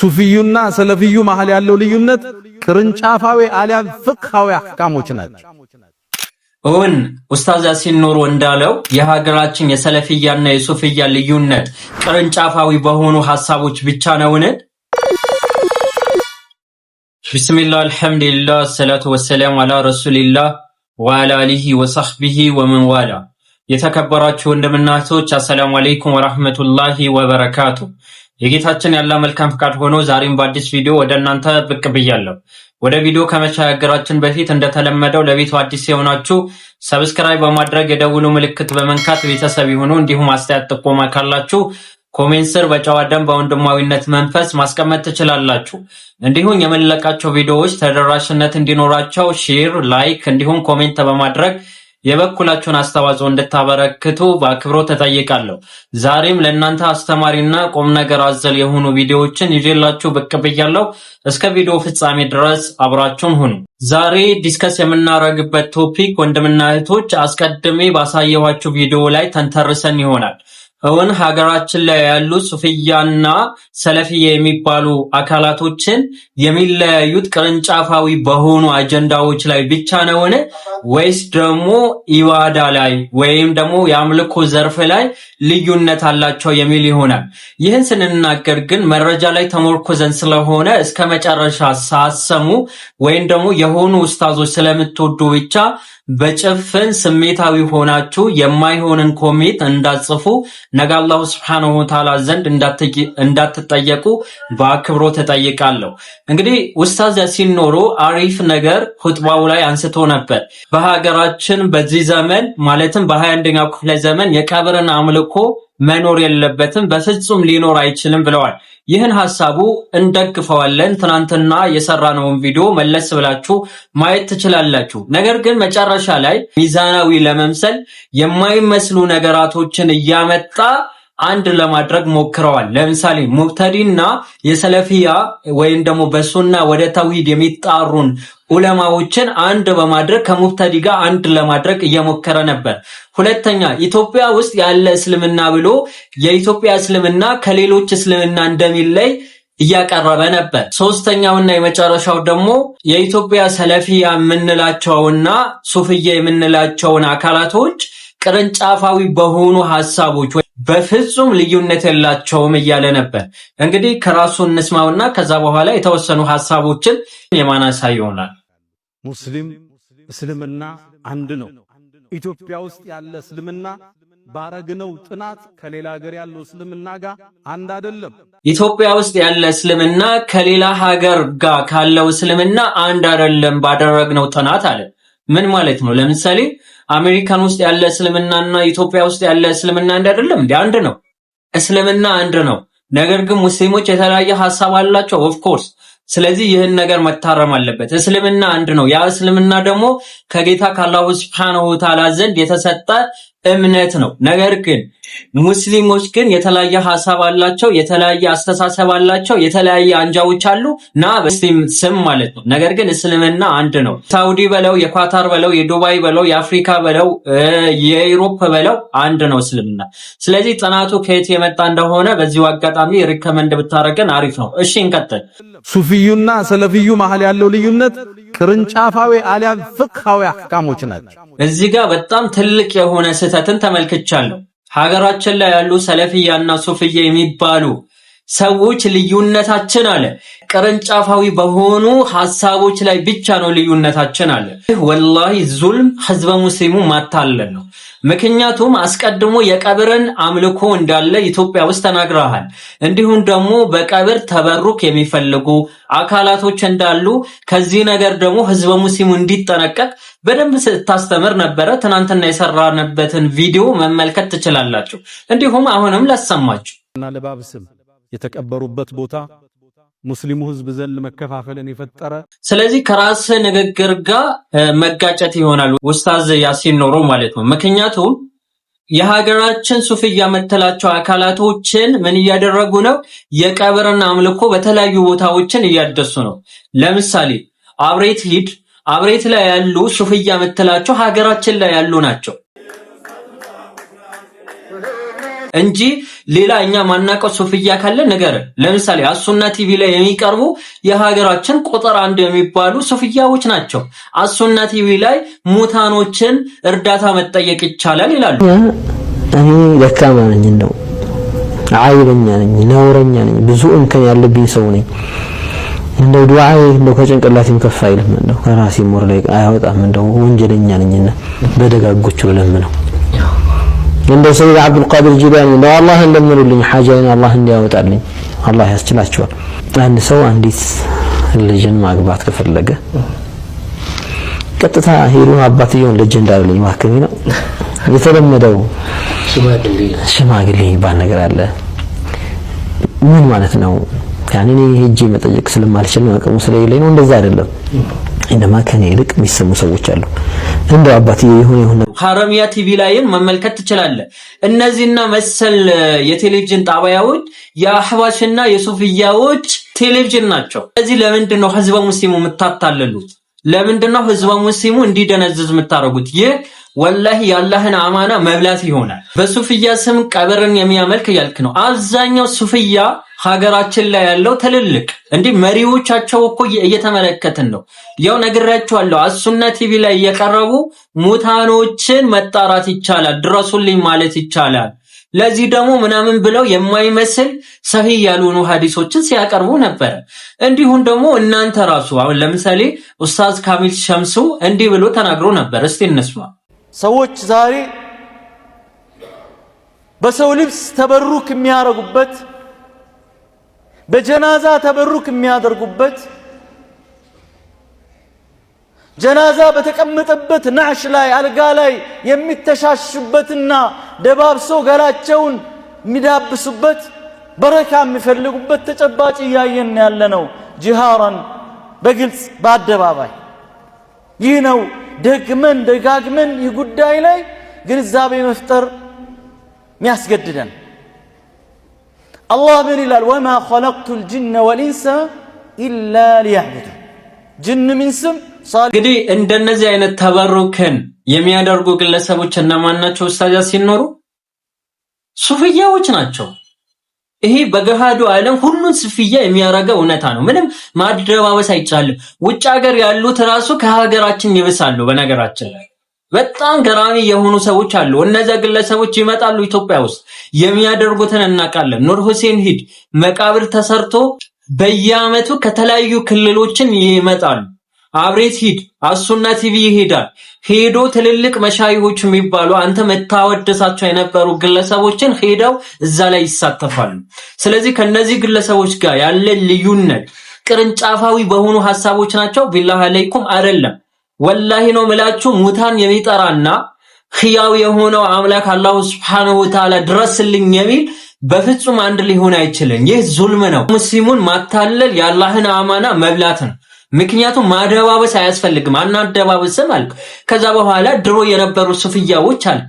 ሱፊዩና ሰለፊዩ መሃል ያለው ልዩነት ቅርንጫፋዊ አሊያም ፍቅሃዊ አህካሞች ናቸው። እውን ኡስታዝ ያሲን ኑሩ እንዳለው የሀገራችን የሰለፊያና የሱፍያ ልዩነት ቅርንጫፋዊ በሆኑ ሀሳቦች ብቻ ነውን? ቢስሚላህ አልሐምዱሊላህ አሰላቱ ወሰላም አላ ረሱሊላህ ወአላ አሊሂ ወሰህቢሂ ወመን ዋላ። የተከበራችሁ ወንድምና አሰላሙ አለይኩም ወራህመቱላሂ ወበረካቱ የጌታችን ያለ መልካም ፍቃድ ሆኖ ዛሬም በአዲስ ቪዲዮ ወደ እናንተ ብቅ ብያለሁ። ወደ ቪዲዮ ከመሸጋገራችን በፊት እንደተለመደው ለቤቱ አዲስ የሆናችሁ ሰብስክራይብ በማድረግ የደውሉ ምልክት በመንካት ቤተሰብ ይሁኑ። እንዲሁም አስተያየት፣ ጥቆማ ካላችሁ ኮሜንት ስር በጨዋ ደንብ በወንድማዊነት መንፈስ ማስቀመጥ ትችላላችሁ። እንዲሁም የምንለቃቸው ቪዲዮዎች ተደራሽነት እንዲኖራቸው ሼር፣ ላይክ እንዲሁም ኮሜንት በማድረግ የበኩላችሁን አስተዋጽኦ እንድታበረክቱ በአክብሮት ተጠይቃለሁ። ዛሬም ለእናንተ አስተማሪና ቁም ነገር አዘል የሆኑ ቪዲዮዎችን ይዤላችሁ ብቅ ብያለሁ። እስከ ቪዲዮ ፍጻሜ ድረስ አብራችሁን ሁኑ። ዛሬ ዲስከስ የምናደርግበት ቶፒክ ወንድምና እህቶች አስቀድሜ ባሳየኋችሁ ቪዲዮ ላይ ተንተርሰን ይሆናል። እውን ሀገራችን ላይ ያሉ ሱፍያና ሰለፊያ የሚባሉ አካላቶችን የሚለያዩት ቅርንጫፋዊ በሆኑ አጀንዳዎች ላይ ብቻ ነውን? ወይስ ደግሞ ኢባዳ ላይ ወይም ደግሞ የአምልኮ ዘርፍ ላይ ልዩነት አላቸው የሚል ይሆናል። ይህን ስንናገር ግን መረጃ ላይ ተሞርኮዘን ስለሆነ እስከ መጨረሻ ሳሰሙ ወይም ደግሞ የሆኑ ኡስታዞች ስለምትወዱ ብቻ በጭፍን ስሜታዊ ሆናችሁ የማይሆንን ኮሜት እንዳጽፉ ነገ አላሁ ስብሐነሁ ወተዓላ ዘንድ እንዳትጠየቁ በአክብሮ ተጠይቃለሁ እንግዲህ ኡስታዝ ያሲን አሪፍ ነገር ሁጥባው ላይ አንስቶ ነበር። በሀገራችን በዚህ ዘመን ማለትም በ 21 ክፍለ ዘመን የቀብርን አምልኮ መኖር የለበትም፣ በፍጹም ሊኖር አይችልም ብለዋል። ይህን ሀሳቡ እንደግፈዋለን። ትናንትና የሰራነውን ቪዲዮ መለስ ብላችሁ ማየት ትችላላችሁ። ነገር ግን መጨረሻ ላይ ሚዛናዊ ለመምሰል የማይመስሉ ነገራቶችን እያመጣ አንድ ለማድረግ ሞክረዋል። ለምሳሌ ሙብተዲና የሰለፊያ ወይም ደግሞ በሱና ወደ ተውሂድ የሚጣሩን ዑለማዎችን አንድ በማድረግ ከሙብተዲ ጋር አንድ ለማድረግ እየሞከረ ነበር። ሁለተኛ ኢትዮጵያ ውስጥ ያለ እስልምና ብሎ የኢትዮጵያ እስልምና ከሌሎች እስልምና እንደሚለይ እያቀረበ ነበር። ሶስተኛውና የመጨረሻው ደግሞ የኢትዮጵያ ሰለፊያ የምንላቸውና ሱፍያ የምንላቸውን አካላቶች ቅርንጫፋዊ በሆኑ ሐሳቦች በፍጹም ልዩነት የላቸውም እያለ ነበር። እንግዲህ ከራሱ እንስማውና ከዛ በኋላ የተወሰኑ ሀሳቦችን የማናሳ ይሆናል። ሙስሊም እስልምና አንድ ነው። ኢትዮጵያ ውስጥ ያለ እስልምና ባረግነው ጥናት ከሌላ ሀገር ያለው እስልምና ጋር አንድ አይደለም። ኢትዮጵያ ውስጥ ያለ እስልምና ከሌላ ሀገር ጋር ካለው እስልምና አንድ አይደለም ባደረግነው ጥናት አለን። ምን ማለት ነው? ለምሳሌ አሜሪካን ውስጥ ያለ እስልምናና ኢትዮጵያ ውስጥ ያለ እስልምና እንደ አይደለም እንዴ? አንድ ነው። እስልምና አንድ ነው። ነገር ግን ሙስሊሞች የተለያየ ሀሳብ አላቸው ኦፍ ኮርስ። ስለዚህ ይህን ነገር መታረም አለበት። እስልምና አንድ ነው። ያ እስልምና ደግሞ ከጌታ ካላሁ ሱብሓነሁ ወተዓላ ዘንድ የተሰጠ እምነት ነው። ነገር ግን ሙስሊሞች ግን የተለያየ ሀሳብ አላቸው፣ የተለያየ አስተሳሰብ አላቸው፣ የተለያየ አንጃዎች አሉ ና በሙስሊም ስም ማለት ነው። ነገር ግን እስልምና አንድ ነው። ሳውዲ በለው፣ የኳታር በለው፣ የዱባይ በለው፣ የአፍሪካ በለው፣ የአውሮፓ በለው አንድ ነው እስልምና። ስለዚህ ጥናቱ ከየት የመጣ እንደሆነ በዚሁ አጋጣሚ ሪከመንድ ብታረገን አሪፍ ነው። እሺ እንቀጥል። ሱፊዩና ሰለፊዩ መሀል ያለው ልዩነት ቅርንጫፋዊ አሊያም ፍቅሃዊ አህካሞች ናቸው። እዚህ ጋር በጣም ትልቅ የሆነ ስህተትን ተመልክቻለሁ። ሀገራችን ላይ ያሉ ሰለፍያና ሱፍያ የሚባሉ ሰዎች ልዩነታችን አለ ቅርንጫፋዊ በሆኑ ሀሳቦች ላይ ብቻ ነው ልዩነታችን አለ። ወላሂ ዙልም ህዝበ ሙስሊሙ ማታለል ነው። ምክንያቱም አስቀድሞ የቀብርን አምልኮ እንዳለ ኢትዮጵያ ውስጥ ተናግረሃል። እንዲሁም ደግሞ በቀብር ተበሩክ የሚፈልጉ አካላቶች እንዳሉ፣ ከዚህ ነገር ደግሞ ህዝበ ሙስሊሙ እንዲጠነቀቅ በደንብ ስታስተምር ነበረ። ትናንትና የሰራንበትን ቪዲዮ መመልከት ትችላላችሁ። እንዲሁም አሁንም ላሰማችሁ እና የተቀበሩበት ቦታ ሙስሊሙ ህዝብ ዘንድ መከፋፈልን የፈጠረ ስለዚህ ከራስ ንግግር ጋር መጋጨት ይሆናል። ኡስታዝ ያሲን ኖሮ ማለት ነው። ምክንያቱም የሀገራችን ሱፍያ ያመተላቸው አካላቶችን ምን እያደረጉ ነው? የቀብርን አምልኮ በተለያዩ ቦታዎችን እያደሱ ነው። ለምሳሌ አብሬት ሂድ፣ አብሬት ላይ ያሉ ሱፍያ መተላቸው ሀገራችን ላይ ያሉ ናቸው። እንጂ ሌላ እኛ ማናቀው ሱፍያ ካለ ነገር ለምሳሌ አሱና ቲቪ ላይ የሚቀርቡ የሀገራችን ቁጥር አንድ የሚባሉ ሱፍያዎች ናቸው። አሱና ቲቪ ላይ ሙታኖችን እርዳታ መጠየቅ ይቻላል ይላሉ። እኔ ደካማ ነኝ፣ እንደው አይበኛ ነኝ፣ ነውረኛ ነኝ፣ ብዙ እንከን ያለብኝ ሰው ነኝ። እንደው ዱዓዬ እንደው ከጭንቅላቴም ከፍ አይልም፣ እንደው ከራሴ ሞር ላይ አያወጣም። እንደው ወንጀለኛ ነኝና በደጋጎቹ ነው እንደ ሰይድ አብዱልቃድር ጂላኒ ነው አላህ እንደምኑልኝ ሐጃይን አላህ እንዲያወጣልኝ አላህ ያስችላቸዋል። አንድ ሰው አንዲት ልጅን ማግባት ከፈለገ ቀጥታ ሄዱ አባትየውን ልጅ እንዳልልኝ ማከሚ ነው የተለመደው። ሽማግሌ የሚባል ነገር አለ። ምን ማለት ነው? ያኔ እኔ ሄጄ መጠየቅ ስለማልችል አቅሙ ስለሌለኝ ነው። እንደዛ አይደለም። እንደማ ከኔ ይልቅ የሚሰሙ ሰዎች አሉ። እንደ አባት ይሁን ይሁን ሀረሚያ ቲቪ ላይም መመልከት ትችላለህ። እነዚህና መሰል የቴሌቪዥን ጣቢያዎች የአህባሽና የሱፍያዎች ቴሌቪዥን ናቸው። እዚህ ለምንድን ነው ህዝበ ሙስሊሙ የምታታለሉት? ለምንድነው ህዝበ ሙስሊሙ እንዲደነዝዝ የምታደርጉት? ይህ ወላሂ የአላህን አማና መብላት ይሆናል። በሱፍያ ስም ቀብርን የሚያመልክ ያልክ ነው። አብዛኛው ሱፍያ ሀገራችን ላይ ያለው ትልልቅ እንዲህ መሪዎቻቸው እኮ እየተመለከትን ነው። ያው ነግራችኋለሁ። አሱና ቲቪ ላይ እየቀረቡ ሙታኖችን መጣራት ይቻላል፣ ድረሱልኝ ማለት ይቻላል። ለዚህ ደግሞ ምናምን ብለው የማይመስል ሰሂ ያልሆኑ ሀዲሶችን ሲያቀርቡ ነበረ። እንዲሁም ደግሞ እናንተ ራሱ አሁን ለምሳሌ ኡስታዝ ካሚል ሸምሱ እንዲህ ብሎ ተናግሮ ነበር። እስቲ እንስማ። ሰዎች ዛሬ በሰው ልብስ ተበሩክ የሚያረጉበት፣ በጀናዛ ተበሩክ የሚያደርጉበት፣ ጀናዛ በተቀመጠበት ናሽ ላይ አልጋ ላይ የሚተሻሽበትና ደባብሰው ገላቸውን የሚዳብሱበት በረካ የሚፈልጉበት ተጨባጭ እያየን ያለ ነው። ጅሃራን በግልጽ በአደባባይ ይህ ነው። ደግመን ደጋግመን ይህ ጉዳይ ላይ ግንዛቤ መፍጠር ሚያስገድደን። አላህ ምን ይላል? ወማ ኸለቅቱ ልጅነ ወልኢንሳ ኢላ ሊያዕቡዱን ጅን ምን ስም እንግዲህ እንደነዚህ አይነት ተበሩክን የሚያደርጉ ግለሰቦች እነማን ናቸው? ኡስታዝ ሲኖሩ ሱፍያዎች ናቸው። ይሄ በገሃዱ ዓለም ሁሉን ሱፍያ የሚያረገው እውነታ ነው። ምንም ማደባበስ አይቻልም። ውጭ ሀገር ያሉት ራሱ ከሀገራችን ይብሳሉ። በነገራችን ላይ በጣም ገራሚ የሆኑ ሰዎች አሉ። እነዚያ ግለሰቦች ይመጣሉ ኢትዮጵያ ውስጥ የሚያደርጉትን እናውቃለን። ኑር ሁሴን ሂድ መቃብር ተሰርቶ በየአመቱ ከተለያዩ ክልሎችን ይመጣሉ። አብሬት ሂድ አሱና ቲቪ ይሄዳል። ሄዶ ትልልቅ መሻይሆች የሚባሉ አንተ መታወደሳቸው የነበሩ ግለሰቦችን ሄደው እዛ ላይ ይሳተፋሉ። ስለዚህ ከነዚህ ግለሰቦች ጋር ያለ ልዩነት ቅርንጫፋዊ በሆኑ ሀሳቦች ናቸው። ቢላህ አለይኩም አይደለም። ወላሂ ነው ምላችሁ ሙታን የሚጠራና ህያው የሆነው አምላክ አላሁ ሱብሓነሁ ወተዓላ ድረስልኝ የሚል በፍጹም አንድ ሊሆን አይችልም። ይህ ዙልም ነው። ሙስሊሙን ማታለል የአላህን አማና መብላት ነው። ምክንያቱም ማደባበስ አያስፈልግም። አናደባበስም አልክ። ከዛ በኋላ ድሮ የነበሩ ሱፍያዎች አለ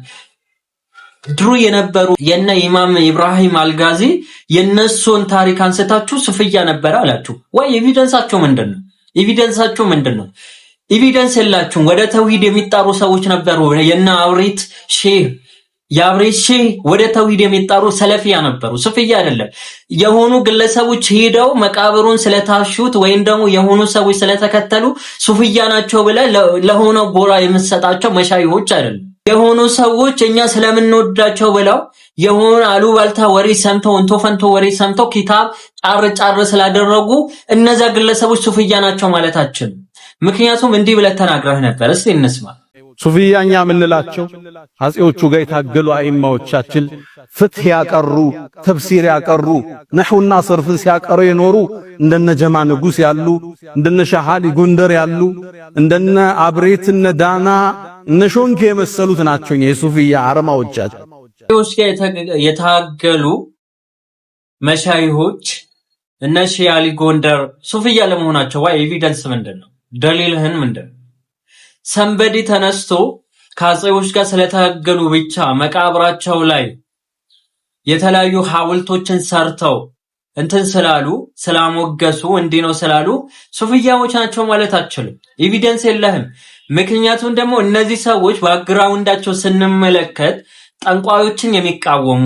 ድሮ የነበሩ የነ ኢማም ኢብራሂም አልጋዚ የነሱን ታሪክ አንስታችሁ ሱፍያ ነበረ አላችሁ ወይ? ኤቪደንሳቸው ምንድን ነው? ኤቪደንሳችሁ ምንድን ነው? ኤቪደንስ የላችሁም። ወደ ተውሂድ የሚጣሩ ሰዎች ነበሩ የነ አውሪት ሼህ የአብሬሽ ወደ ተውሂድ የሚጣሩ ሰለፊያ ነበሩ። ሱፍያ አይደለም። የሆኑ ግለሰቦች ሄደው መቃብሩን ስለታሹት ወይም ደግሞ የሆኑ ሰዎች ስለተከተሉ ሱፍያ ናቸው ብለ ለሆነ ቦራ የምትሰጣቸው መሻይዎች አይደለም። የሆኑ ሰዎች እኛ ስለምንወዳቸው ብለው የሆነ አሉባልታ ወሬ ሰምተው እንቶ ፈንቶ ወሬ ሰምተው ኪታብ ጫር ጫር ስላደረጉ እነዛ ግለሰቦች ሱፍያ ናቸው ማለታችን። ምክንያቱም እንዲህ ብለ ተናግረህ ነበር። እስቲ እንስማ ሱፊያኛ የምንላቸው አጼዎቹ ጋር የታገሉ አይማዎቻችን ፍትህ ያቀሩ፣ ተፍሲር ያቀሩ፣ ነህውና ሰርፍን ሲያቀሩ የኖሩ እንደነ ጀማ ንጉስ ያሉ፣ እንደነ ሻሃሊ ጎንደር ያሉ፣ እንደነ አብሬት፣ እነ ዳና፣ እነ ሾንኬ የመሰሉት ናቸው። የሱፊያ አረማዎቻችን የታገሉ መሻይሆች እነ ሻሊ ጎንደር ሱፊያ ለመሆናቸው ዋ ኤቪደንስ ምንድነው? ደሊልህን ምንድነው? ሰንበዴ ተነስቶ ከአጼዎች ጋር ስለታገሉ ብቻ መቃብራቸው ላይ የተለያዩ ሐውልቶችን ሰርተው እንትን ስላሉ ስላሞገሱ እንዲህ ነው ስላሉ ሱፍያዎች ናቸው ማለት አችልም። ኤቪደንስ የለህም። ምክንያቱም ደግሞ እነዚህ ሰዎች ባግራውንዳቸው ስንመለከት ጠንቋዮችን የሚቃወሙ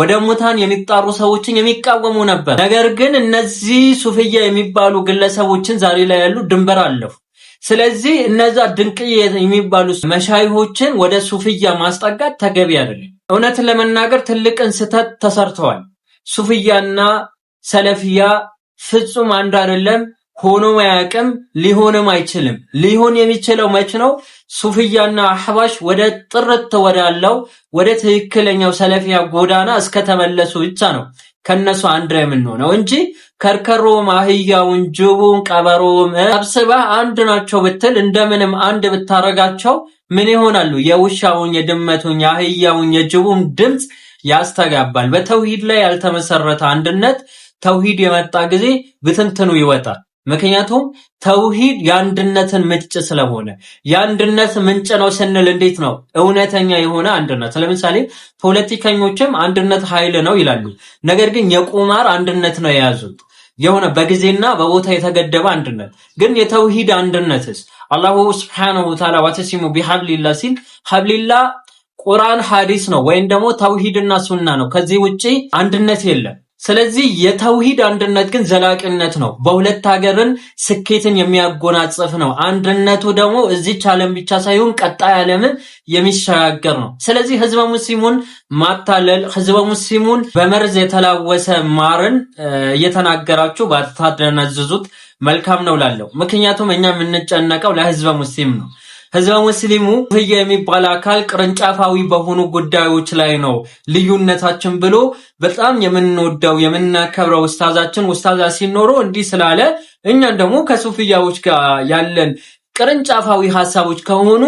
ወደ ሙታን የሚጣሩ ሰዎችን የሚቃወሙ ነበር። ነገር ግን እነዚህ ሱፍያ የሚባሉ ግለሰቦችን ዛሬ ላይ ያሉ ድንበር አለፉ። ስለዚህ እነዛ ድንቅዬ የሚባሉ መሻይሆችን ወደ ሱፍያ ማስጠጋት ተገቢ አይደለም። እውነትን ለመናገር ትልቅን ስህተት ተሰርተዋል። ሱፍያና ሰለፊያ ፍጹም አንድ አይደለም። ሆኖም አያውቅም፣ ሊሆንም አይችልም። ሊሆን የሚችለው መች ነው? ሱፍያና አህባሽ ወደ ጥርት ወዳለው ወደ ትክክለኛው ሰለፊያ ጎዳና እስከተመለሱ ብቻ ነው። ከነሱ አንድ ላይ የምንሆነው እንጂ ከርከሮም አህያውን ጅቡን ቀበሮም ሰብስባ አንድ ናቸው ብትል እንደምንም አንድ ብታረጋቸው ምን ይሆናሉ? የውሻውን፣ የድመቱን፣ የአህያውን፣ የጅቡን ድምፅ ያስተጋባል። በተውሂድ ላይ ያልተመሰረተ አንድነት ተውሂድ የመጣ ጊዜ ብትንትኑ ይወጣል። ምክንያቱም ተውሂድ የአንድነትን ምንጭ ስለሆነ የአንድነት ምንጭ ነው ስንል እንዴት ነው እውነተኛ የሆነ አንድነት? ለምሳሌ ፖለቲከኞችም አንድነት ኃይል ነው ይላሉ። ነገር ግን የቁማር አንድነት ነው የያዙት የሆነ በጊዜና በቦታ የተገደበ አንድነት። ግን የተውሂድ አንድነትስ አላሁ ስብሓነሁ ወተዓላ ዋተሲሙ ቢሀብሊላ ሲል ሀብሊላ ቁርአን ሀዲስ ነው ወይም ደግሞ ተውሂድና ሱና ነው። ከዚህ ውጭ አንድነት የለም። ስለዚህ የተውሂድ አንድነት ግን ዘላቂነት ነው። በሁለት ሀገርን ስኬትን የሚያጎናጽፍ ነው። አንድነቱ ደግሞ እዚች ዓለም ብቻ ሳይሆን ቀጣይ ዓለምን የሚሸጋገር ነው። ስለዚህ ህዝበ ሙስሊሙን ማታለል፣ ህዝበ ሙስሊሙን በመርዝ የተላወሰ ማርን እየተናገራችሁ ባታደነዝዙት መልካም ነው ላለው። ምክንያቱም እኛ የምንጨነቀው ለህዝበ ሙስሊም ነው። ህዝበ ሙስሊሙ ህየ የሚባል አካል ቅርንጫፋዊ በሆኑ ጉዳዮች ላይ ነው ልዩነታችን ብሎ በጣም የምንወደው የምናከብረው ውስታዛችን ውስታዛ ሲኖሮ እንዲህ ስላለ እኛን ደግሞ ከሱፍያዎች ጋር ያለን ቅርንጫፋዊ ሀሳቦች ከሆኑ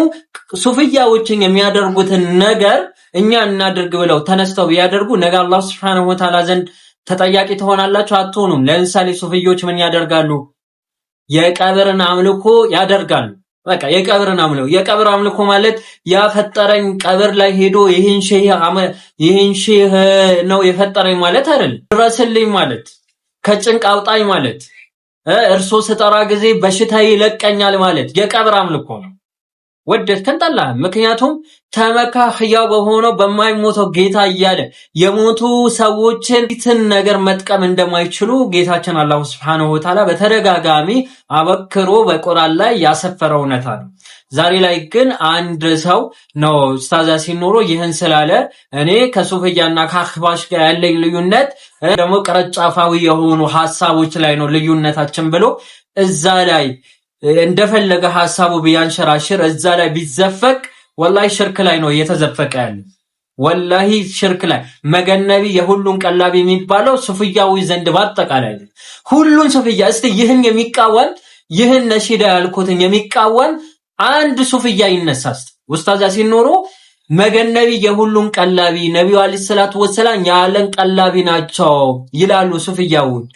ሱፍያዎችን የሚያደርጉትን ነገር እኛ እናድርግ ብለው ተነስተው ቢያደርጉ ነገ አላህ ስብሐነሁ ወተዓላ ዘንድ ተጠያቂ ትሆናላችሁ፣ አትሆኑም። ለምሳሌ ሱፍዮች ምን ያደርጋሉ? የቀብርን አምልኮ ያደርጋሉ። በቃ የቀብርን አምልኮ የቀብር አምልኮ ማለት ያ ያፈጠረኝ ቀብር ላይ ሄዶ ይህን ሼህ ይህን ሼህ ነው የፈጠረኝ ማለት አይደል። ድረስልኝ ማለት ከጭንቅ አውጣኝ ማለት እርሶ ስጠራ ጊዜ በሽታ ይለቀኛል ማለት የቀብር አምልኮ ነው። ወደድከን ጠላህ። ምክንያቱም ተመካ ህያው በሆነው በማይሞተው ጌታ እያለ የሞቱ ሰዎችን ትን ነገር መጥቀም እንደማይችሉ ጌታችን አላሁ ስብሐነሁ ወተዓላ በተደጋጋሚ አበክሮ በቁርአን ላይ ያሰፈረው እውነታ ነው። ዛሬ ላይ ግን አንድ ሰው ነው ኡስታዝ ያሲን ኑሩ ይህን ስላለ እኔ ከሱፍያና ከአህባሽ ጋር ያለኝ ልዩነት ደግሞ ቀረጫፋዊ የሆኑ ሀሳቦች ላይ ነው ልዩነታችን ብሎ እዛ ላይ እንደፈለገ ሀሳቡ ቢያንሸራሽር እዛ ላይ ቢዘፈቅ ወላሂ ሽርክ ላይ ነው እየተዘፈቀ ያለ። ወላሂ ሽርክ ላይ መገነቢ የሁሉን ቀላቢ የሚባለው ሱፍያዊ ዘንድ በአጠቃላይ ሁሉን ሱፍያ እስቲ ይህን የሚቃወም ይህን ነሺዳ ያልኩትን የሚቃወም አንድ ሱፍያ ይነሳስ ውስታዛ ሲኖሩ መገነቢ የሁሉን ቀላቢ ነቢዩ አለይሂ ሰላቱ ወሰላም የዓለም ቀላቢ ናቸው ይላሉ ሱፍያዎች።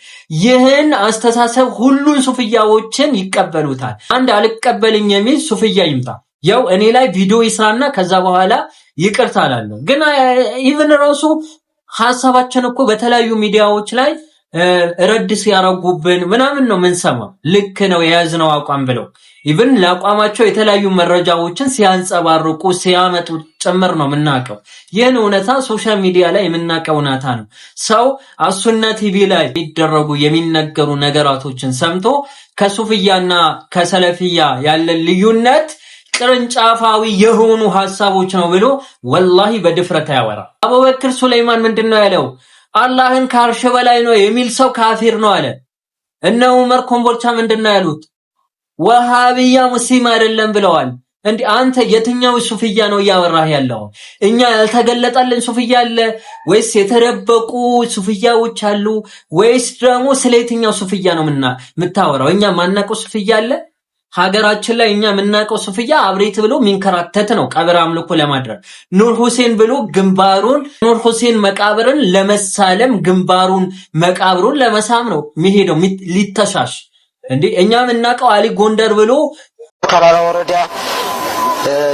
ይህን አስተሳሰብ ሁሉን ሱፍያዎችን ይቀበሉታል። አንድ አልቀበልኝ የሚል ሱፍያ ይምጣ። ያው እኔ ላይ ቪዲዮ ይስራና ከዛ በኋላ ይቅርታ አላለሁ። ግን ኢቭን ራሱ ሀሳባችን እኮ በተለያዩ ሚዲያዎች ላይ ረድ ሲያረጉብን ምናምን ነው የምንሰማው። ልክ ነው የያዝነው አቋም ብለው ኢቭን ለአቋማቸው የተለያዩ መረጃዎችን ሲያንጸባርቁ ሲያመጡ ጭምር ነው የምናውቀው። ይህን እውነታ ሶሻል ሚዲያ ላይ የምናውቀው እውነታ ነው። ሰው አሱና ቲቪ ላይ የሚደረጉ የሚነገሩ ነገራቶችን ሰምቶ ከሱፍያና ከሰለፊያ ያለን ልዩነት ቅርንጫፋዊ የሆኑ ሐሳቦች ነው ብሎ ወላሂ በድፍረት ያወራ። አቡበክር ሱለይማን ምንድን ነው ያለው? አላህን ከአርሽ በላይ ነው የሚል ሰው ካፊር ነው አለ። እነ ዑመር ኮምቦልቻ ምንድን ነው ያሉት? ወሃብያ ሙስሊም አይደለም ብለዋል። እንዲ አንተ የትኛው ሱፍያ ነው እያወራህ ያለው? እኛ ያልተገለጠልን ሱፍያ አለ ወይስ የተደበቁ ሱፍያዎች አሉ ወይስ ደግሞ ስለ የትኛው ሱፍያ ነው ምና የምታወራው? እኛ ማናውቀው ሱፍያ አለ ሀገራችን ላይ እኛ የምናውቀው ሱፍያ አብሬት ብሎ የሚንከራተት ነው ቀብር አምልኮ ለማድረግ ኑር ሁሴን ብሎ ግንባሩን ኑር ሁሴን መቃብርን ለመሳለም ግንባሩን መቃብሩን ለመሳም ነው የሚሄደው ሊተሻሽ እንዴ እኛ የምናውቀው አሊ ጎንደር ብሎ ተራራ ወረዳ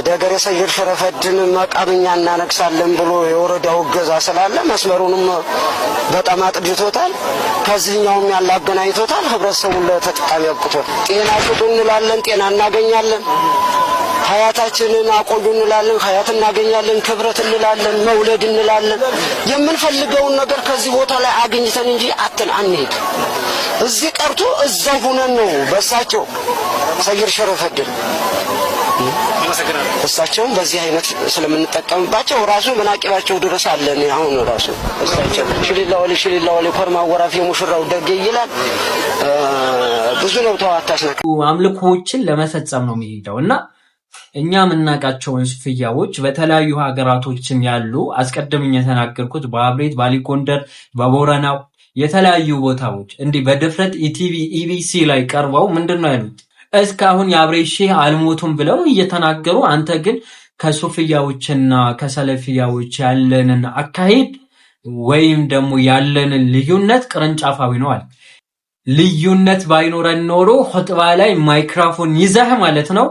ደገሬ ሰይድ ሽረፈድን መቃብኛ እናነግሳለን ብሎ የወረዳው እገዛ ስላለ መስመሩንም በጣም አጥድቶታል። ከዚህኛውም ያለ አገናኝቶታል። ህብረተሰቡን ለተጠቃሚ አብቅቶታል። ጤና ስጡ እንላለን፣ ጤና እናገኛለን። ሀያታችንን አቆዩ እንላለን፣ ሀያት እናገኛለን። ክብረት እንላለን፣ መውለድ እንላለን። የምንፈልገውን ነገር ከዚህ ቦታ ላይ አግኝተን እንጂ አትን አንሄድ እዚህ ቀርቶ እዛ ሁነን ነው በሳቸው ሰይድ ሽረፈድን እሳቸውም በዚህ አይነት ስለምንጠቀምባቸው ራሱ መናቂባቸው ድረስ አለን። አሁን ራሱ እሳቸው ሽሊላ ወሌ ሽሊላ ወሌ ኮርማ ወራፊ ሙሽራው ደግ ይላል። ብዙ ነው ተዋታስነካ አምልኮዎችን ለመፈጸም ነው የሚሄደው እና እኛ የምናውቃቸውን ሱፍያዎች በተለያዩ ሀገራቶችም ያሉ አስቀድም የተናገርኩት በአብሬት ባሊጎንደር፣ በቦረናው የተለያዩ ቦታዎች እንዲህ በድፍረት ኢቲቪ ኢቢሲ ላይ ቀርበው ምንድን ነው ያሉት እስካሁን የአብሬ ሼህ አልሞቱም ብለው እየተናገሩ አንተ ግን ከሱፍያዎችና ከሰለፊያዎች ያለንን አካሄድ ወይም ደግሞ ያለንን ልዩነት ቅርንጫፋዊ ነው አለ። ልዩነት ባይኖረን ኖሮ ሆጥባ ላይ ማይክራፎን ይዘህ ማለት ነው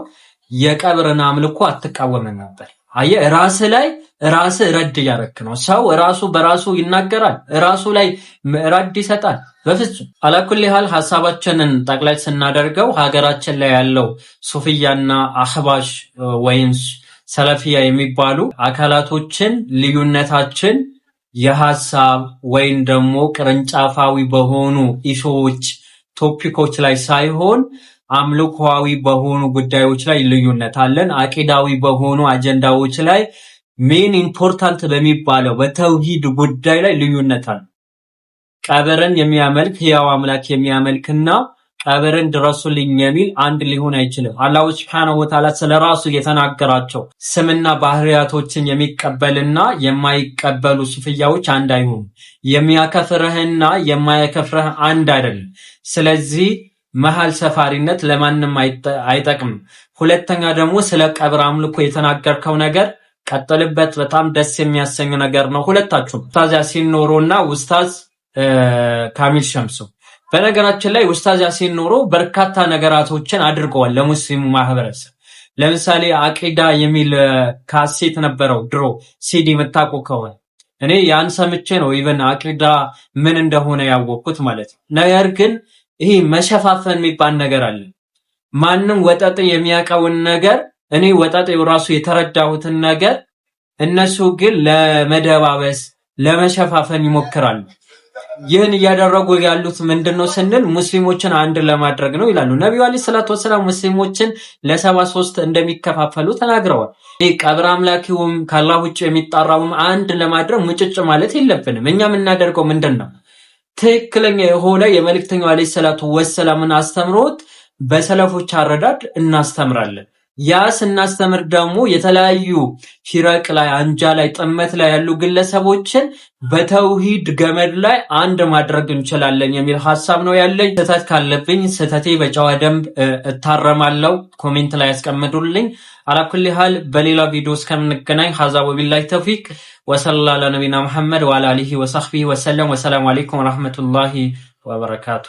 የቀብርን አምልኮ አትቃወምም ነበር። አየህ ራስ ላይ ራስ ረድ እያደረክ ነው። ሰው ራሱ በራሱ ይናገራል፣ ራሱ ላይ ረድ ይሰጣል። በፍጹም አላኩል ያህል ሀሳባችንን ጠቅላይ ስናደርገው ሀገራችን ላይ ያለው ሱፍያና አህባሽ ወይም ሰለፊያ የሚባሉ አካላቶችን ልዩነታችን የሀሳብ ወይም ደግሞ ቅርንጫፋዊ በሆኑ ኢሾዎች ቶፒኮች ላይ ሳይሆን አምልኮዊ በሆኑ ጉዳዮች ላይ ልዩነት አለን። አቂዳዊ በሆኑ አጀንዳዎች ላይ ሜን ኢምፖርታንት በሚባለው በተውሂድ ጉዳይ ላይ ልዩነት አለ። ቀብርን የሚያመልክ ህያው አምላክ የሚያመልክና ቀብርን ድረሱልኝ የሚል አንድ ሊሆን አይችልም። አላሁ ሱብሓነሁ ወተዓላ ስለራሱ የተናገራቸው ስምና ባህሪያቶችን የሚቀበልና የማይቀበሉ ሱፍያዎች አንድ አይሆኑም። የሚያከፍርህና የማያከፍርህ አንድ አይደለም። ስለዚህ መሀል ሰፋሪነት ለማንም አይጠቅም። ሁለተኛ ደግሞ ስለ ቀብር አምልኮ የተናገርከው ነገር ቀጥልበት፣ በጣም ደስ የሚያሰኝ ነገር ነው። ሁለታችሁም ኡስታዝ ያሲን ኖሮ እና ኡስታዝ ካሚል ሸምሱ። በነገራችን ላይ ኡስታዝ ያሲን ኖሮ በርካታ ነገራቶችን አድርገዋል ለሙስሊሙ ማህበረሰብ። ለምሳሌ አቂዳ የሚል ካሴት ነበረው ድሮ ሲዲ የምታውቁ ከሆነ እኔ ያን ሰምቼ ነው ኢቨን አቂዳ ምን እንደሆነ ያወቅኩት ማለት ነው። ነገር ግን ይሄ መሸፋፈን የሚባል ነገር አለ። ማንም ወጠጥ የሚያውቀውን ነገር እኔ ወጠጥ ራሱ የተረዳሁትን ነገር እነሱ ግን ለመደባበስ ለመሸፋፈን ይሞክራሉ። ይህን እያደረጉ ያሉት ምንድን ነው ስንል ሙስሊሞችን አንድ ለማድረግ ነው ይላሉ። ነቢዩ አለይሂ ሰላቱ ወሰላም ሙስሊሞችን ለሰባ ሶስት እንደሚከፋፈሉ ተናግረዋል። ይህ ቀብር አምላኪውም ከአላህ ውጭ የሚጣራውም አንድ ለማድረግ ሙጭጭ ማለት የለብንም። እኛ የምናደርገው ምንድን ነው? ትክክለኛ የሆነ የመልእክተኛው ዓለይሂ ሰላቱ ወሰላምን አስተምሮት በሰለፎች አረዳድ እናስተምራለን። ያ ስናስተምር ደግሞ የተለያዩ ሽረቅ ላይ አንጃ ላይ ጥመት ላይ ያሉ ግለሰቦችን በተውሂድ ገመድ ላይ አንድ ማድረግ እንችላለን የሚል ሀሳብ ነው ያለኝ። ስህተት ካለብኝ ስህተቴ በጨዋ ደንብ እታረማለው ኮሜንት ላይ ያስቀምጡልኝ። አላኩል ሃል በሌላ ቪዲዮ እስከምንገናኝ ሀዛ ወቢላይ ተውፊቅ ወሰላ ለነቢና መሐመድ ወአላ አሊሂ ወሰህቢ ወሰለም። ወሰላሙ አሌይኩም ወረህመቱላሂ ወበረካቱ።